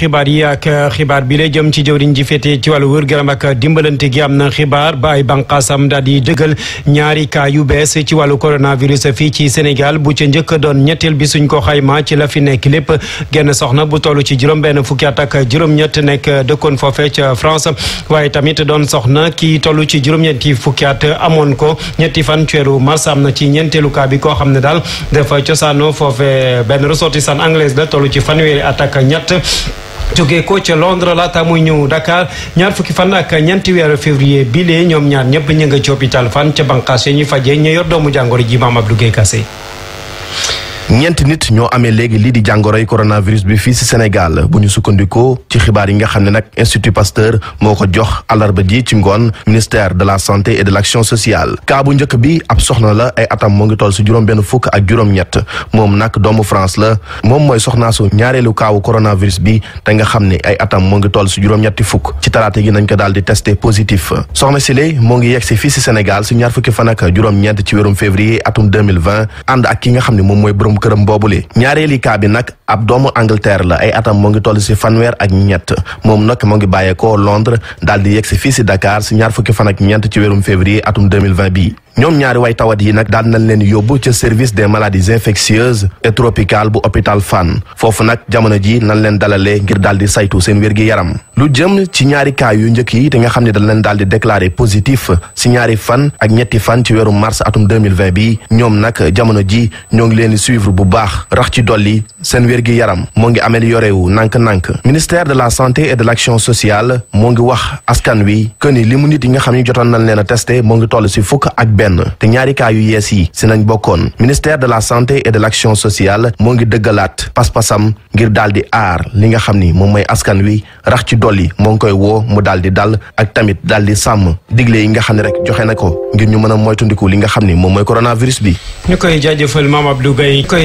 xibaar yi ak euh, xibaar bi lay jëm ci jëwriñ ji féete ci wàllu wér gu ak dimbalante gi am na xibaar ba ay banqaasam daal di dëggal ñaari kaa yu bees ci wàllu coronavirus fii ci Sénégal bu ca njëkk doon ñetteel bi suñ ko xayma ci la fi nekk lépp genn soxna bu toll ci juróom benn fukki at ak juróom-ñett nekk dëkkoon foofe ca France waaye tamit doon soxna ki toll ci juróom-ñetti amoon ko ñetti fan ci mars am na ci ñeenteelu cas bi koo xam ne daal dafa cosaano foofe benn ressortissant anglaise la tollu ci fanweeri at ak ñett jógee ko ca Londres laata muy ñëw dakaar ñaar fukki fan ak ñeenti weeru février bi ñoom ñaar ñëpp ñu nga ci hôpital fan ca banqaas ya ñuy fajee ñu yor doomu jàngoro ji Maam Abdou Guèye Kassé ñeent nit ñoo amee léegi lii di jàngoroy coronavirus bi fii si Sénégal bu ñu sukkandikoo ci xibaar yi nga xam ne nag Institut Pasteur moo ko jox àllarba ji ci ngoon ministère de la santé et de l'action sociale kaa bu njëkk bi ab soxna la ay atam moo ngi toll si juróom benn fukk ak juróom-ñett moom nag doomu France la moom mooy soxnaa su ñaareelu kaawu coronavirus bi te nga xam ne ay atam moo ngi toll si juróom-ñetti fukk ci talaata yi nañ ko daal di testé positif soxna si lée moo ngi yegg si fii si Sénégal si ñaar fukki fan ak juróom-ñeent ci wérum février atum 2020 ànd ak ki nga xam ne moom mooy jëkkëram boobu li ñaareeli kaa bi nag ab doomu Angleterre la ay atam moo ngi toll si fanweer ak ñett moom nag moo ngi bàyyeekoo Londres daal di yegg si fii si Dakar si ñaar fukki fan ak ñeent ci weerum février atum 2020 bi ñoom ñaari way tawat yi nag daan nañ leen yóbbu ca service des maladies infectieuses et tropicales bu hôpital Fann foofu nag jamono ji nan leen dalalee ngir daal di saytu seen wér-gi-yaram lu jëm ci ñaari cas yu njëkk yi te nga xam ne dañ leen daal di déclaré positif si ñaari fan ak ñetti fan ci weeru mars atum 2020 bi ñoom nag jamono ji ñoo ngi leen di suivre bu baax rax ci dolli seen wér-gi-yaram moo ngi amélioré wu nànk-nànk ministère de la santé et de l'action sociale moo ngi wax askan wi que nga xam ne jotoon nañ leen a testé moo ngi toll si fukk ak benn te ñaari cas yu yees yi si nañ bokkoon ministère de la santé et de l'action sociale moo ngi dëggalaat pas-pasam ngir daal di aar li nga xam ni moom mooy askan wi rax ci dolli moo ngi koy woo mu daal di dal ak tamit daal di sàmm digle yi nga xam ne rek joxe na ko ngir ñu mën a moytandiku li nga xam ni moom mooy coronavirus bi. ñu koy jaajëfal Mame Abdou Gueye